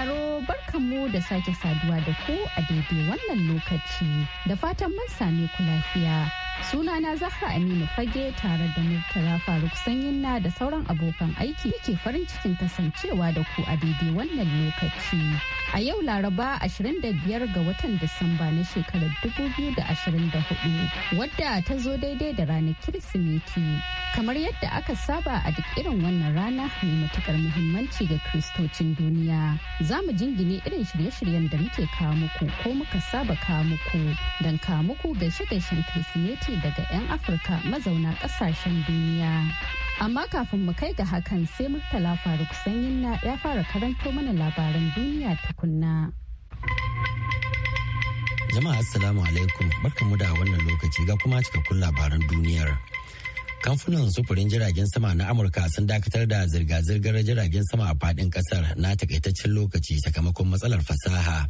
sauraro barkanmu da sake saduwa da ku a daidai wannan lokaci da fatan mun same ku lafiya. Sunana Zahra Aminu Fage tare da Murtala Faruk na da sauran abokan aiki yake farin cikin kasancewa da ku a daidai wannan lokaci. A yau Laraba 25 ga watan Disamba na shekarar 2024 wadda ta zo daidai da ranar Kirsimeti. Kamar yadda aka saba a duk irin wannan rana mai matukar muhimmanci ga Kiristocin duniya. Za mu jingine irin shirye-shiryen da muke kawo muku ko muka saba kawo muku don kawo muku gaishe-gaishen Kirsimeti ce daga 'yan Afirka mazauna ƙasashen duniya. Amma kafin mu kai ga hakan sai Murtala Faruk Sanyin na ya fara karanto mana labaran duniya tukunna. Jama'a Assalamu alaikum barkamu da wannan lokaci ga kuma cikakkun labaran duniyar. kamfanin sufurin jiragen sama na amurka sun dakatar da zirga-zirgar jiragen sama a fadin kasar na takaitaccen lokaci sakamakon matsalar fasaha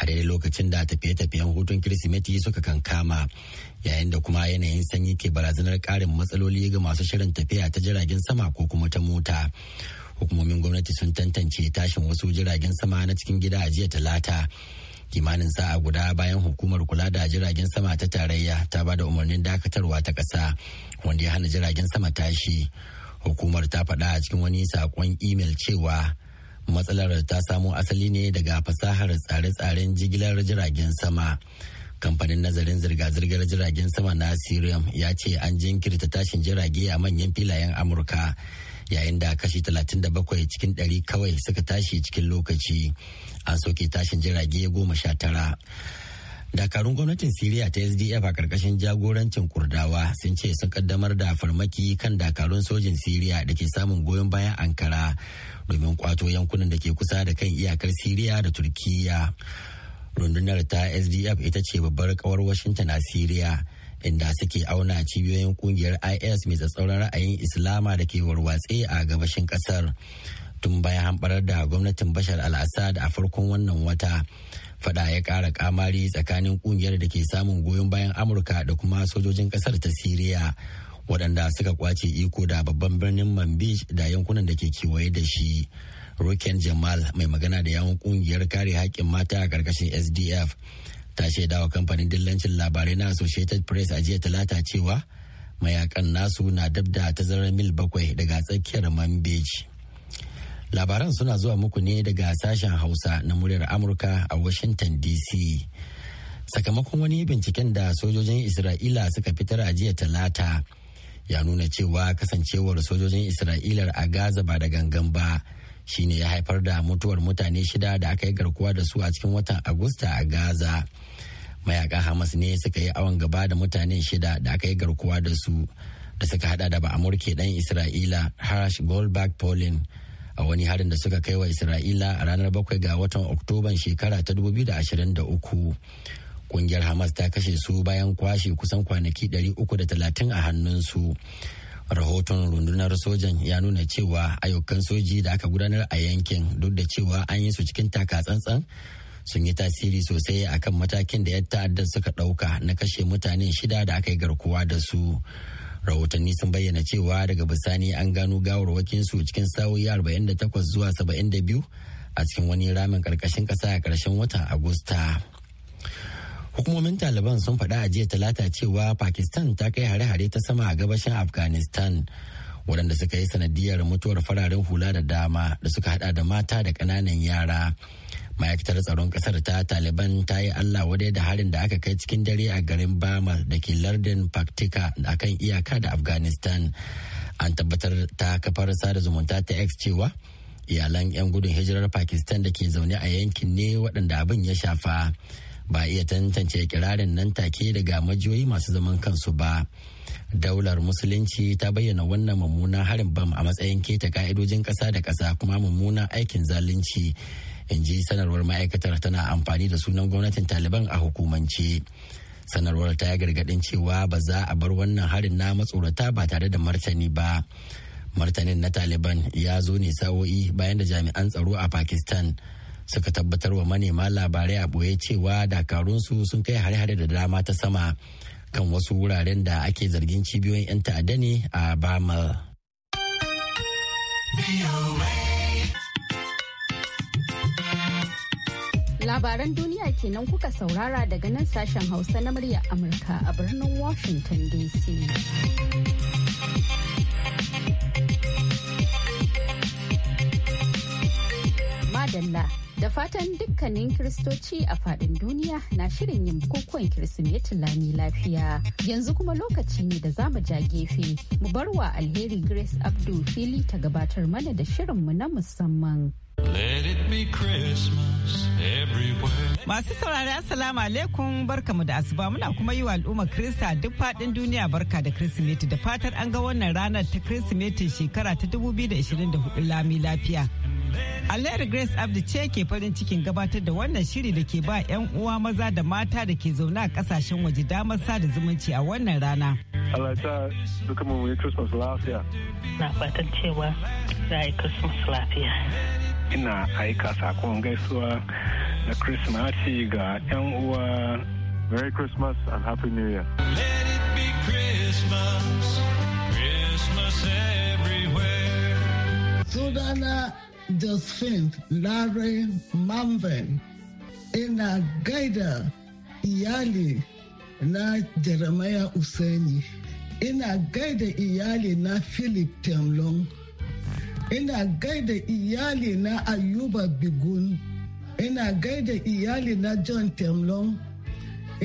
a daidai lokacin da tafiye-tafiyen hutun kirsimeti suka kankama yayin da kuma yanayin sanyi ke barazanar karin matsaloli ga masu shirin tafiya ta jiragen sama ko kuma ta mota hukumomin gwamnati sun tantance tashin wasu jiragen sama na cikin gida a jiya talata kimanin sa'a guda bayan hukumar kula da jiragen sama ta tarayya ta bada umarnin dakatarwa ta ƙasa wanda ya hana jiragen sama tashi hukumar ta faɗa a cikin wani saƙon imel cewa matsalar ta samo asali ne daga fasahar tsare-tsaren jigilar jiragen sama kamfanin nazarin zirga-zirgar jiragen sama na sirium ya ce an jinkirta tashin jirage a manyan filayen amurka yayin da kashi 37 cikin ɗari kawai suka tashi cikin lokaci an soke tashin jirage goma sha tara. dakarun gwamnatin siriya ta sdf a karkashin jagorancin kurdawa sun ce sun kaddamar da farmaki kan dakarun sojin siriya da ke samun goyon bayan ankara domin kwato yankunan da ke kusa da kan iyakar siriya da turkiya rundunar ta sdf ita ce babbar kawar washington a siriya inda suke auna cibiyoyin kungiyar is mai tsatsauran ra'ayin islama da ke warwatse a gabashin kasar tun bayan hamɓarar da gwamnatin bashar al-assad a farkon wannan wata fada ya ƙara kamari tsakanin kungiyar da ke samun goyon bayan amurka da kuma sojojin kasar ta siriya waɗanda suka kwace iko da babban birnin manbij da yankunan da ke kewaye da shi roken jamal mai magana da yawon kungiyar kare haƙƙin mata a ƙarƙashin sdf ta shaidawa kamfanin dillancin labarai na associated press a jiya talata cewa mayakan nasu na dab da tazarar mil bakwai daga tsakiyar manbeji labaran suna zuwa muku ne daga sashen hausa na muryar amurka a washington dc sakamakon wani binciken da sojojin isra'ila suka fitar a jiya talata ya nuna cewa kasancewar sojojin isra'ila a gaza ba da gangan ba shine ya haifar da mutuwar mutane shida da aka yi garkuwa da su a cikin watan agusta a gaza. mayaka hamas ne suka yi awon gaba da mutane shida da aka yi garkuwa da su da suka hada da ba amurke dan isra'ila harsh goldberg polin a wani harin da suka kai wa isra'ila a ranar bakwai ga watan oktoban shekara ta 2023 kungiyar hamas ta kashe su bayan kwashe kusan kwanaki 330 a hannunsu rahoton rundunar sojan ya nuna cewa ayyukan soji da aka gudanar a yankin duk da cewa an yi su cikin taka tsantsan sun yi tasiri sosai a kan matakin da 'yan ta'addar suka ɗauka na kashe mutane shida da aka yi garkuwa da su rahotanni sun bayyana cewa daga bisani an gano gawarwakinsu cikin sa'o'i 48 zuwa 72 a cikin wani ramin karkashin ƙasa a karshen watan agusta hukumomin taliban sun faɗa a jiya talata cewa pakistan ta kai hare-hare ta sama a gabashin afghanistan waɗanda suka yi sanadiyar mutuwar fararen hula da dama da suka haɗa da mata da ƙananan yara ma'aikatar tsaron kasar ta taliban ta yi allah wadai da harin da aka kai cikin dare a garin bama da ke lardin paktika a kan iyaka da afghanistan an tabbatar ta kafar sada zumunta ta x cewa iyalan 'yan gudun hijirar pakistan da ke zaune a yankin ne waɗanda abin ya shafa ba iya tantance kirarin nan take daga majiyoyi masu zaman kansu ba daular musulunci ta bayyana wannan mummunan harin bam a matsayin keta ka'idojin ƙasa da kasa kuma mummunan aikin zalunci in ji sanarwar ma'aikatar tana amfani da sunan gwamnatin taliban a hukumance sanarwar ta yi gargadin cewa ba za a bar wannan harin na matsorata ba tare da martani ba martanin na taliban ya zo ne sa'o'i bayan da jami'an tsaro a pakistan suka tabbatar wa manema labarai a ɓoye cewa dakarunsu sun kai hare-hare da dama ta sama kan wasu wuraren da ake zargin cibiyoyin 'yan ta'adda ne a bamal. Labaran duniya kenan kuka saurara daga nan sashen Hausa na murya Amurka a birnin Washington DC. Madalla da fatan dukkanin kiristoci a fadin duniya na shirin yin bukukuwan kirsimeti lami lafiya yanzu kuma lokaci ne da zamu ja gefe mu barwa alheri grace abdul fili ta gabatar mana da shirin mu na musamman Masu saurari Assalamu alaikum barkamu da asuba muna kuma yi wa al'umma Krista duk faɗin duniya barka da Kirsimeti da fatar an ga wannan ranar ta Kirsimeti shekara ta 2024 lami lafiya. Alayar Grace Abdi ce ke farin cikin gabatar da wannan shiri da ke ba 'yan uwa maza da mata da ke zaune a kasashen waje damar sada zumunci a wannan rana. Allah ta duka mu Christmas lafiya. Na fatan cewa za a yi Christmas lafiya. ina aika sakon gaisuwa na Kirsimati ga 'yan uwa. Merry Christmas and Happy New Year. Let it be Christmas, Christmas everywhere. Sunana Josephine Larry Mamben ina gaida iyali na Jeremiah Useni. Ina gaida iyali na Philip Temlong. ina gaida iyali na ayuba bigun ina gaida iyali na john temlon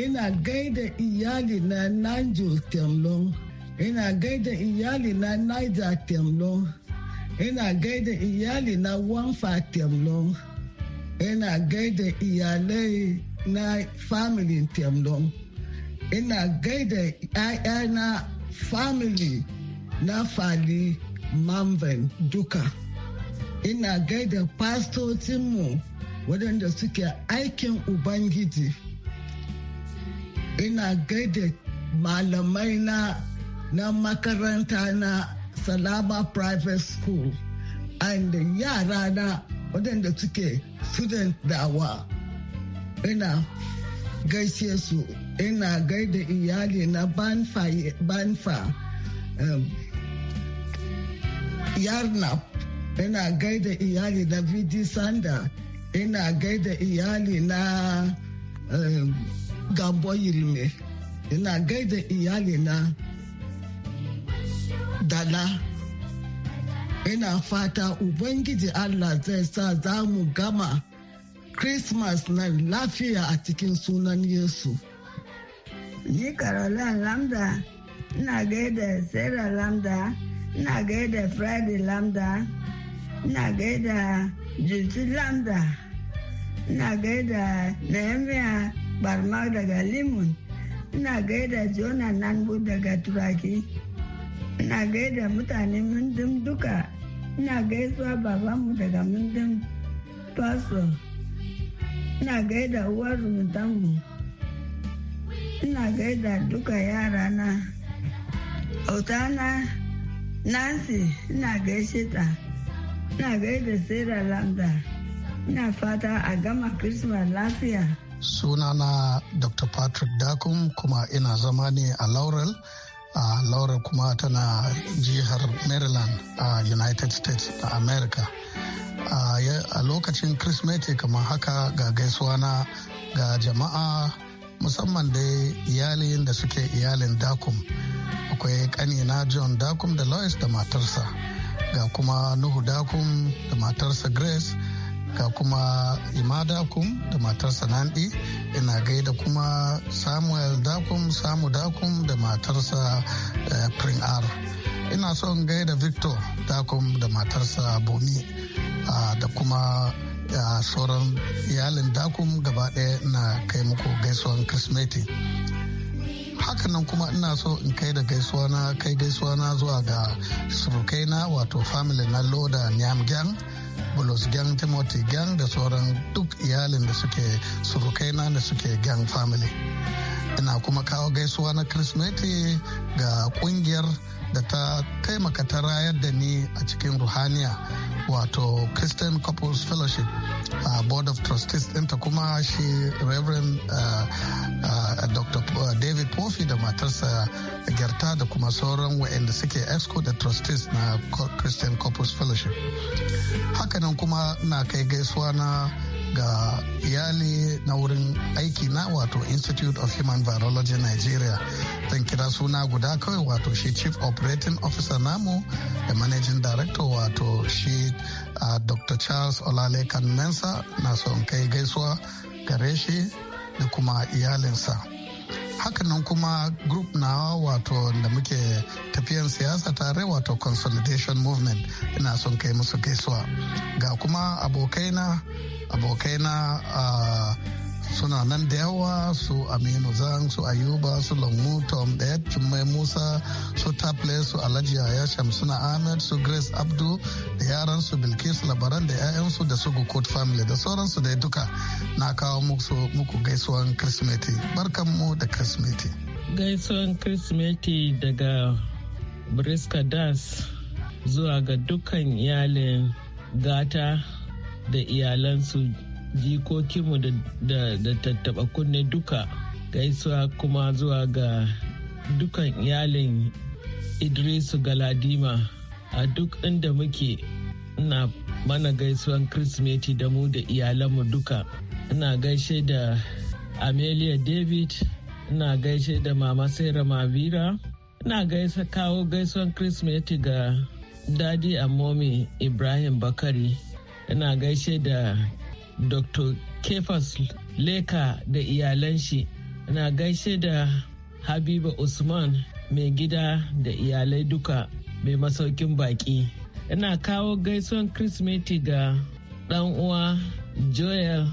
ina gaida iyali na nigel temlon ina gaida iyali na niger temlon ina gaida iyali na wanfa temlon ina gaida iyalai na family temlon ina gaida 'ya'ya na family na fali manven duka ina gaida fastocinmu waɗanda suke aikin ubangiji ina gaida malamai na na makaranta na salama private school and yara na waɗanda suke student dawa ina gaishe su ina gaida iyali na banfa, um, yarnap ina gaida iyali na vd sanda ina gaida iyali na gambo yilme ina gaida iyali na dala ina fata ubangiji allah zai sa za mu gama christmas na lafiya a cikin sunan yesu ni Carolina lambda ina gaida sarah lambda ina gaida friday lambda ina gaida jirti lambda ina gaida nehemiah barma daga limon ina gaida jona nanbu daga turaki ina gaida mutane mundum duka ina gaisuwa babanmu daga mundum paso ina gaida uwar rubutanmu ina gaida duka yarana na. Nancy, ina gaishe ta. Ina gaida Sarah Landa. Ina fata a gama Christmas lafiya. Sunana Dr. Patrick Dakum kuma ina zama ne a Laurel. a uh, Laura kuma tana jihar Maryland a United States a America. A lokacin Kirsimeti kamar haka ga gaisuwa na ga jama'a musamman da iyalin da suke iyalin dakum akwai kanina john dakum da lois da matarsa ga kuma nuhu dakum da matarsa grace ga kuma ima dakum da matarsa nandi ina gaida kuma samuel dakum samu dakum da matarsa eh, prin r ina son gaida victor dakum da matarsa bomi ah, da kuma da sauran iyalin dakum gaba ɗaya na kai muku gaisuwan kirsimeti hakanan kuma ina so in kai da gaisuwa na kai gaisuwa na zuwa ga surukaina wato family na loda nyam gang bulos gang timothy gang da sauran duk iyalin da suke surukaina da suke gang family ina kuma kawo gaisuwa na kirsimeti ga kungiyar da ta taimaka ta rayar da ni a cikin ruhaniya wato christian couples fellowship a uh, board of trustees ɗinta kuma shi reverend uh, uh, dr david Pofi da matarsa gerta da kuma sauran waɗanda suke exco da trustees na christian couples fellowship hakanan kuma na kai gaisuwa na ga iyali na wurin aiki na wato institute of human virology nigeria zan kira suna guda kawai wato shi chief operating officer namu da managing director wato shi uh, dr charles Olale mensa na son kai gaisuwa gare shi da kuma iyalinsa hakanan kuma group na wato da muke tafiyan siyasa tare wato consolidation movement ina son kai musu gaisuwa ga kuma abokaina abokaina uh, suna nan da yawa su aminu zan su ayuba su lamu tom ɗaya mai musa su taple su alhaji yaya shamsuna ahmed su grace abdu da yaran su bilkis labaran da yayansu da su gukut family da sauransu da duka na kawo muku gaisuwan kirsimeti barkan mu da kirsimeti gaisuwan kirsimeti daga briska das zuwa ga dukkan iyalin gata da iyalansu jikokinmu da tattaba kunne duka gaisuwa kuma zuwa ga dukan iyalin idrisu galadima a duk inda muke ina mana gaisuwan kirsimeti da mu da iyalanmu duka ina gaishe da amelia david ina gaishe da mama saira mavira ina gaisa kawo gaisuwan kirsimeti ga dadi amomi ibrahim bakari ina gaishe da dr kefas leka da iyalan shi na gaishe da habiba usman mai gida da iyalai duka mai masaukin baki ina kawo gaisuwan kirsimeti ga dan uwa joel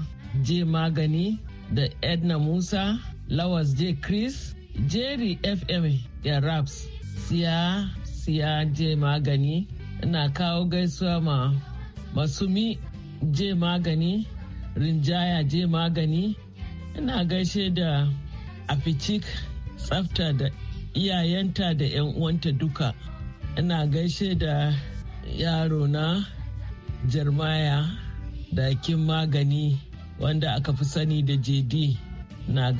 j magani da edna musa lawas j chris jerry fm da raps siya siya j magani ina kawo gaisuwa ma masumi je magani rinjaya je magani ina gaishe da afichik tsafta da iyayenta da 'yan uwanta duka ina gaishe da yaro na jarmaya da kin magani wanda aka fi sani da jd na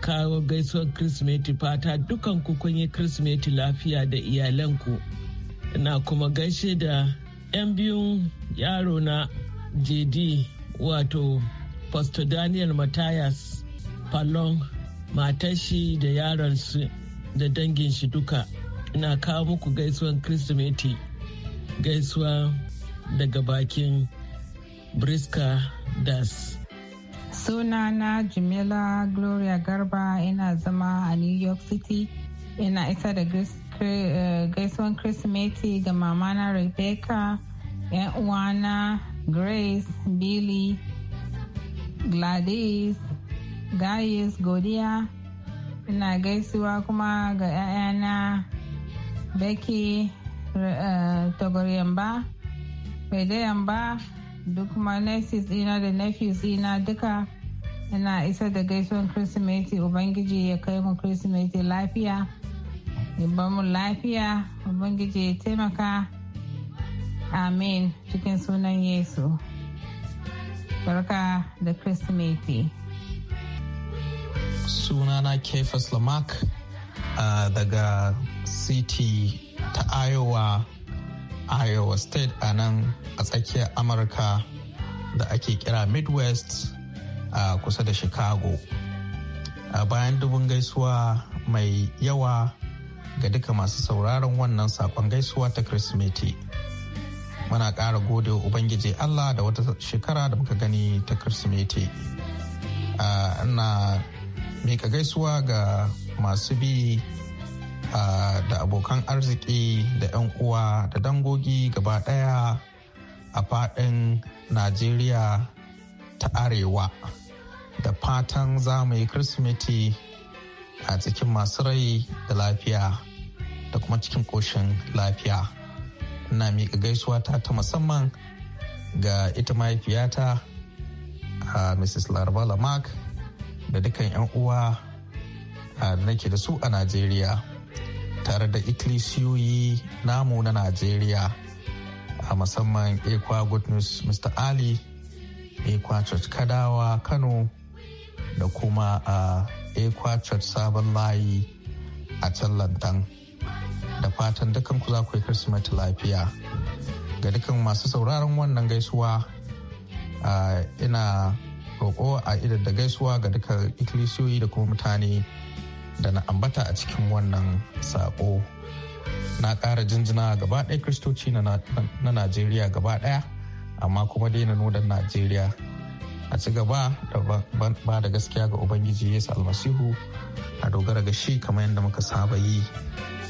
kawo gaisuwar kirsimeti fata dukan ku kun yi kirsimeti lafiya da iyalanku ina kuma gaishe da 'yan biyun yaro na jd wato pastor daniel matthias palong matar shi da yaransu da dangin shi duka ina kawo muku gaisuwan kirsimeti gaisuwa daga bakin briska das sunana jamila gloria garba ina zama a new york city ina isa da eh, gaisuwan kirsimeti ga mamana rebecca yan uwana grace billy gladys Gaius, godiya ina gaisuwa kuma ga 'ya'yana becky eh, tagoryamba yamba duk kuma nurses ina da nephews ina duka ina isa da gaisuwan kirsimeti ubangiji ya kai mu kirsimeti lafiya ya mu lafiya ubangiji ya taimaka Amin cikin sunan Yesu. Barka da Kirsimeti. Sunana Kefas Lamak uh, daga City ta Iowa, Iowa State a nan a tsakiyar Amurka da ake kira Midwest a kusa da Chicago. a bayan dubin gaisuwa mai yawa ga duka masu sauraron wannan sakon gaisuwa ta Kirsimeti. muna ƙara gode wa ubangiji allah da wata shekara da muka gani ta kirsimeti ina mika gaisuwa ga masu bi da abokan arziki da 'yan uwa da dangogi gaba ɗaya a faɗin najeriya ta arewa da fatan za mu yi kirsimeti a cikin masu rai da lafiya da kuma cikin ƙoshin lafiya. ina miƙa gaisuwa ta ta musamman ga ita mahaifiyata a mrs laraba mark da dukkan 'yan uwa da nake da su a najeriya tare da ikkilisiyoyi namu na najeriya a musamman ekwa good news mr ali ekwa church kadawa kano da kuma a ekwa church sabon layi a can lantan da fatan dukkan ku za ku yi kirsimeti lafiya ga dukan masu sauraron wannan gaisuwa ina roƙo a idar da gaisuwa ga dukkan ikkilisiyoyi da kuma mutane da na ambata a cikin wannan saƙo na ƙara jinjina gaba ɗaya kristoci na najeriya gaba ɗaya amma kuma dai na nodan najeriya a ci gaba da ba da gaskiya ga ubangiji yesu almasihu a dogara ga shi kamar yadda muka saba yi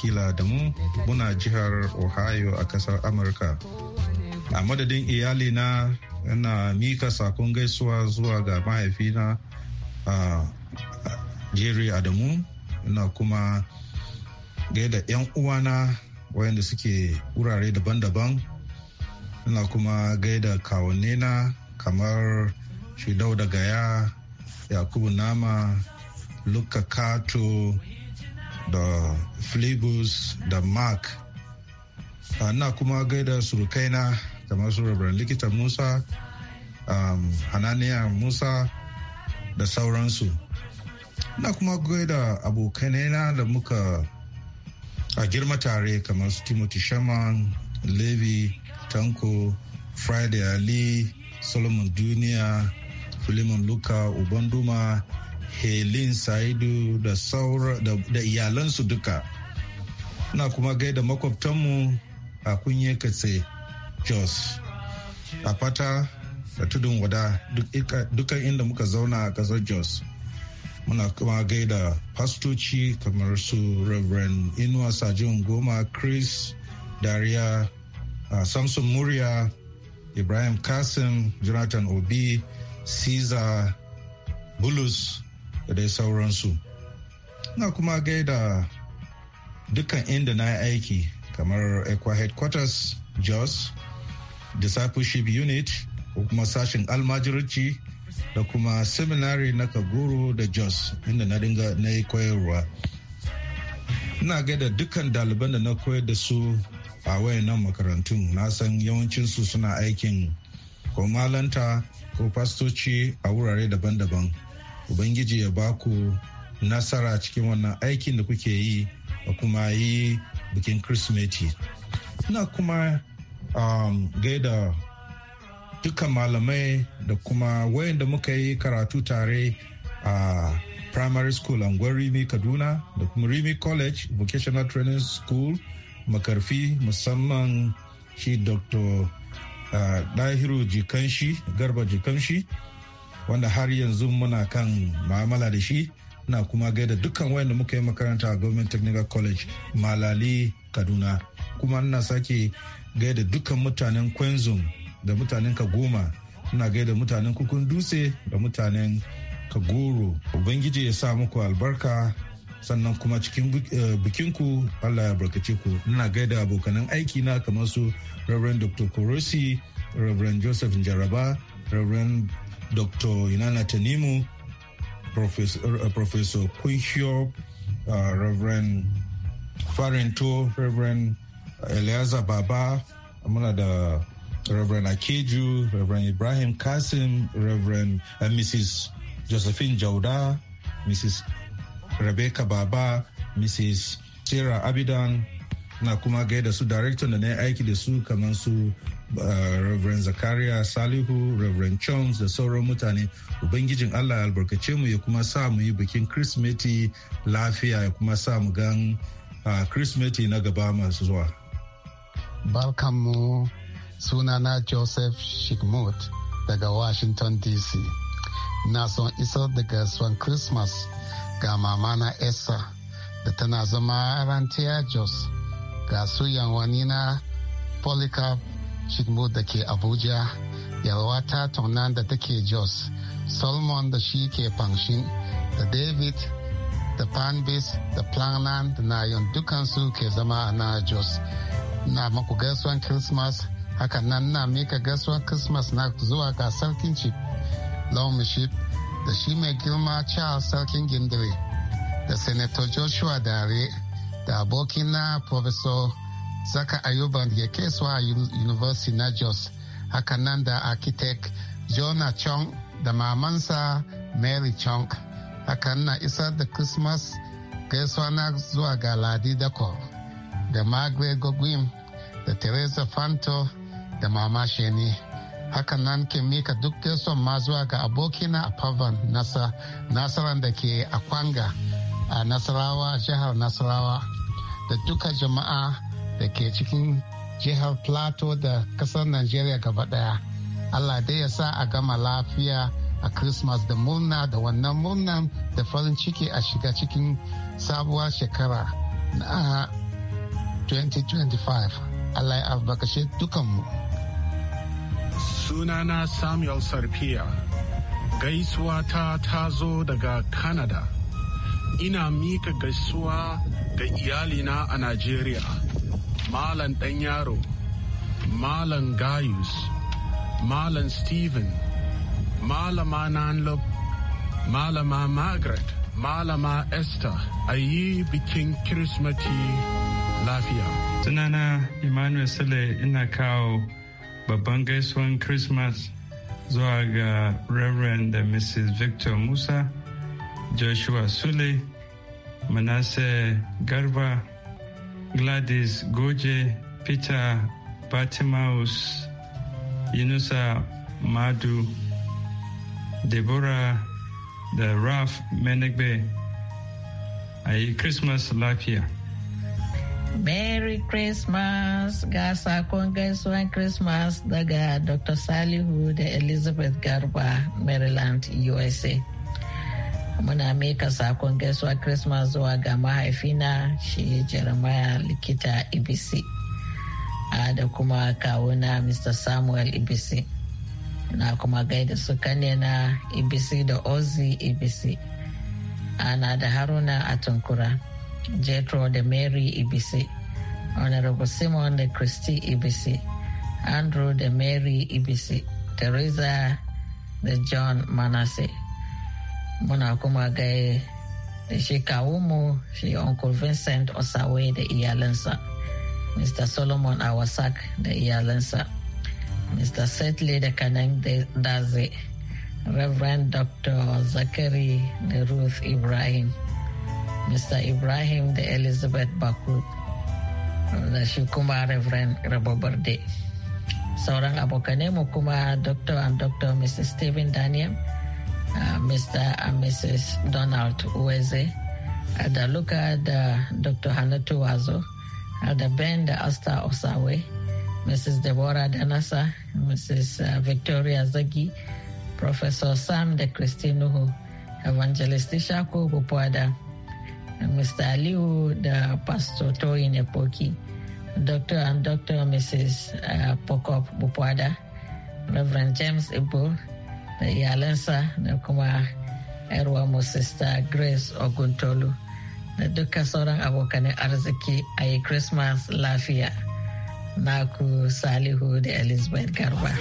kila da mu muna jihar Ohio a kasar Amurka. A madadin iyali na, ina mika sakon gaisuwa zuwa ga mahaifina a jere Adamu ina kuma gaida 'yan uwana wayanda suke wurare daban-daban ina kuma gaida kawannena kamar Shidau da Gaya, Yakubu Nama, Luka Kato, da flegos da mark ah, na kuma gaida surukaina kamar su rabar likita musa um, hananiya musa da sauransu na kuma gaida abokanaina da muka a girma tare kamar su timothy shaman levi tanko friday ali solomon duniya filimon luka ubanduma helin saidu da saura da iyalansu duka na kuma gaida makwabtanmu a kunye katse jos a fata da tudun wada dukan inda muka zauna a kasar jos muna kuma gaida fastoci kamar su reverend inuwa sajin goma chris dariya uh, samson murya ibrahim kasim jonathan obi caesar bulus da dai sauransu na kuma gaida dukkan inda na yi aiki kamar ekwa headquarters jos discipleship unit ko kuma sashen almajirci da kuma seminary na kaguru da jos inda na dinga na yi koyarwa ina gaida dukkan daliban da na koyar da su a wayannan makarantun na san yawancinsu suna aikin ko malanta ko fastoci a wurare daban-daban ubangiji ya baku nasara cikin wannan aikin da kuke yi a kuma yi bikin kirsimeti ina kuma um, gaida dukkan malamai da kuma wayanda muka yi karatu tare a uh, primary school anguwar rimi kaduna da kuma rimi college vocational training school makarfi musamman shi dr uh, dahiru jikanshi garba jikanshi wanda har yanzu muna kan ma'amala da shi na kuma gaida dukkan wayanda muka yi makaranta a Government Technical College Malali Kaduna kuma ina sake gaida dukkan mutanen Kwenzum da mutanen Kagoma ina gaida mutanen Kukun Dutse da mutanen Kagoro Ubangiji ya sa muku albarka sannan kuma cikin bikinku eh, Allah ya barkace ku ina gaida abokanan aiki na kamar su Reverend Dr. Korosi Reverend Joseph Jaraba Reverend dr inanna Tenimu, uh, uh, professor, professor Kuihio, uh, reverend farento reverend eleazar baba muna da reverend akeju reverend ibrahim kasim reverend uh, mrs josephine jauda mrs rebecca baba mrs sarah abidan na kuma gaida su director da na aiki da su kamar su Uh, Reverend Zakaria Salihu, Reverend Jones da sauran mutane. Ubangijin Allah ya albarkace mu ya kuma sa mu yi bikin Kirsimeti lafiya ya kuma sa mu gan uh, Kirsimeti na gaba masu zuwa. Barkanmu sunana Joseph Shigmut daga Washington DC. Na son isar daga son Christmas ga mamana Esther da tana zama rantiya Jos ga su wani na Polycarp shigmo da ke abuja ta taunan da take jos solomon da shi ke fanshin da david da panbis da planan da nayon dukansu ke zama a na jos na maku gaisuwan christmas hakan nan na mika gaisuwan christmas na zuwa ga sarkin chief Lomiship, da shi mai girma charles sarkin gindiri da senator joshua dare da abokina professor Saka Ayuban ya a University na Jos, hakanan da architect Jonah Chong da mamansa Mary Chong. Hakan na isar da Christmas gaisuwa na zuwa ga Ladi Dako da Margaret Gogwin da Teresa Fanto da Mama Sheni. Hakan nan ke mika duk gaisuwan ma zuwa ga abokina a Pavan Nasaran da ke a Kwanga a Nasarawa, jihar Nasarawa da duka jama'a da ke cikin jihar plateau da kasar nigeria gaba daya allah dai ya sa a gama lafiya a christmas da murna da wannan murnan da farin ciki a shiga cikin sabuwar shekara na 2025 allah ya albarkace dukanmu sunana samuel sarfiya gaisuwa ta ta zo daga canada ina mika gaisuwa ga iyalina a nigeria malam ɗan yaro Gaius, gayus stephen malama nanlob malama margaret malama esther a yi bikin kirismati lafiya sunana emmanuel sule inakao kawo christmas zuwa reverend mrs victor musa joshua sule Manase garba Gladys Goje, Peter Batimaus, Yunusa Madu, Deborah the Raf Menegbe. A Christmas Christmas here. Merry Christmas Gasa sakon and Christmas daga Dr. Sally Hood, Elizabeth Garba, Maryland, USA. muna mika sakon gaisuwa christmas zuwa ga mahaifina shi jeremiah likita ibc da kuma kawuna mr samuel ibc na kuma gaida su kane na ibc da ozi ibc ana da haruna a tunkura jetro da mary ibc honorable simon da christy ibc andrew da mary ibc teresa da john manasseh muna kuma gai eh, da shi kawunmu shi uncle vincent osawe da iyalansa mr solomon awasak da iyalansa mr setley da kanan daze reverend dr zakari da ruth ibrahim mr ibrahim da elizabeth bakut da shi kuma reverend Rababarde, sauran abokanai mu kuma dr and dr Mr. stephen daniel Uh, Mr. and Mrs. Donald Uweze, uh, da Luka Dr. Hannatu Wazo, Ada uh, Ben da Asta Osawe, Mrs. Deborah Danasa, Mrs. Uh, Victoria Zagi, Professor Sam da Christine Nuhu, Evangelist Ishaku Bukwada, Mr. Aliu da Pastor Toyin Epoki, Dr. and Dr. Mrs. Pokop Bukwada, Reverend James Ibu, da iyalansa da kuma yarwa mu sister grace oguntolu da duka sauran abokanin arziki a yi christmas lafiya na ku salihu da elizabeth garba.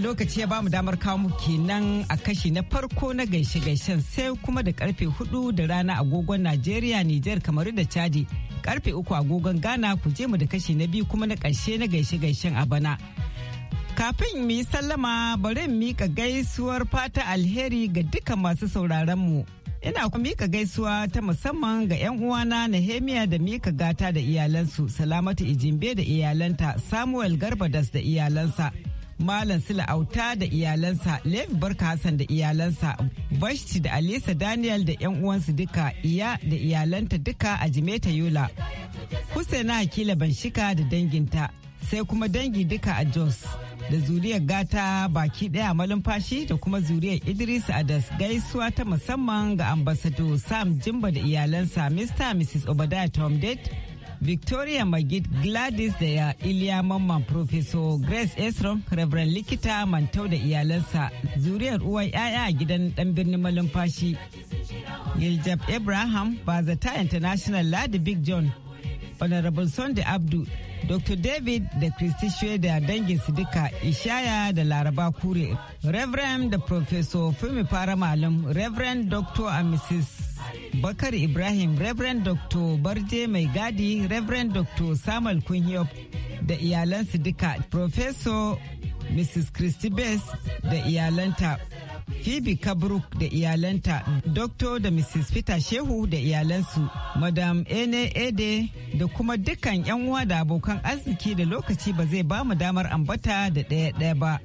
lokaci ya bamu damar kawo muke kenan a kashi na farko na gaishe-gaishen sai kuma da karfe hudu da rana agogon Najeriya, Nijar, Kamaru da Chadi. Karfe uku agogon Ghana ku je mu da kashi na biyu kuma na karshe na gaishe-gaishen a bana. Kafin mu yi sallama bari mu mika gaisuwar fata alheri ga duka masu sauraron mu. Ina kuma mika gaisuwa ta musamman ga 'yan uwana Nehemiya da mika gata da iyalansu, Salamatu Ijimbe da iyalanta, Samuel Garbadas da iyalansa. Malam Sula Auta da iyalansa, Levi Barka Hassan da iyalansa, Bashti da Alisa Daniel da 'yan uwansu duka, iya da iyalanta duka a Jimeta Yola. Husaina Hakila Banshika da danginta, sai kuma dangi duka a Jos. da zuriyar gata baki daya malumfashi da kuma zuriyar idris adas gaisuwa ta musamman ga ambasado sam jimba da iyalansa mr mrs obadiah tom Victoria Magid Gladys da ya Iliya Mamman Professor Grace Esrom, Reverend Likita Mantau da iyalansa, zuriyar uwan 'ya'ya a gidan dan birnin malumfashi. Yiljab Abraham, Bazata International Ladi Big John, Honorable Sunday Abdu, Dr. David da Christy Shweda dangin sidika Ishaya da Laraba Kure, Reverend da Professor Fumi Fara Malam, Reverend Dr. and Mrs. Bakar Ibrahim Reverend Dr. Barje Mai Gadi Reverend Dr. Samuel Kunhiyop da iyalansu duka Professor Mrs. Christy Bess da iyalanta Phoebe Kabruk da iyalanta Dr. da Mrs. Peter Shehu da iyalansu Madam Ene Ede da kuma dukkan 'yan uwa da abokan arziki da lokaci ba zai ba mu damar ambata da ɗaya-ɗaya ba.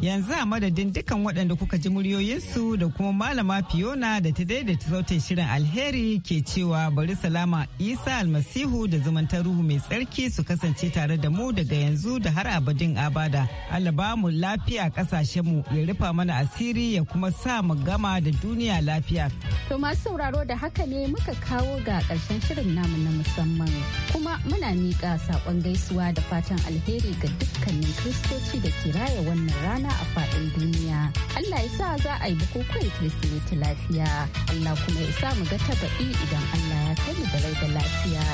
yanzu a madadin dukkan waɗanda kuka ji muryoyinsu da kuma malama fiona da ta daidaita sautin shirin alheri ke cewa bari salama isa almasihu da zumuntar ruhu mai tsarki su kasance tare da mu daga yanzu da har abadin abada allah ba mu lafiya kasashen mu ya rufa mana asiri ya kuma sa mu gama da duniya lafiya to masu sauraro da haka ne muka kawo ga ƙarshen shirin namu na musamman kuma muna miƙa saƙon gaisuwa da fatan alheri ga dukkanin kristoci da kiraya wannan rana rana a faɗin duniya. Allah ya sa za a yi bukukuwan Kirsimeti lafiya. Allah kuma ya sa mu ga tabaɗi idan Allah ya kai mu da da lafiya.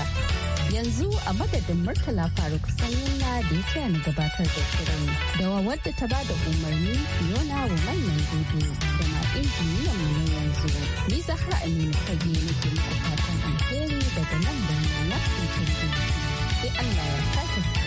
Yanzu a madadin Murtala Faruk Sanyinna da ya tsaya ni gabatar da shirin. Dawa wadda ta ba da umarni Fiona manyan gobe da na injiniyan mu na yanzu. Ni Zahra Aminu Fage nake muku fatan alheri daga nan da na Sai Allah ya kasance.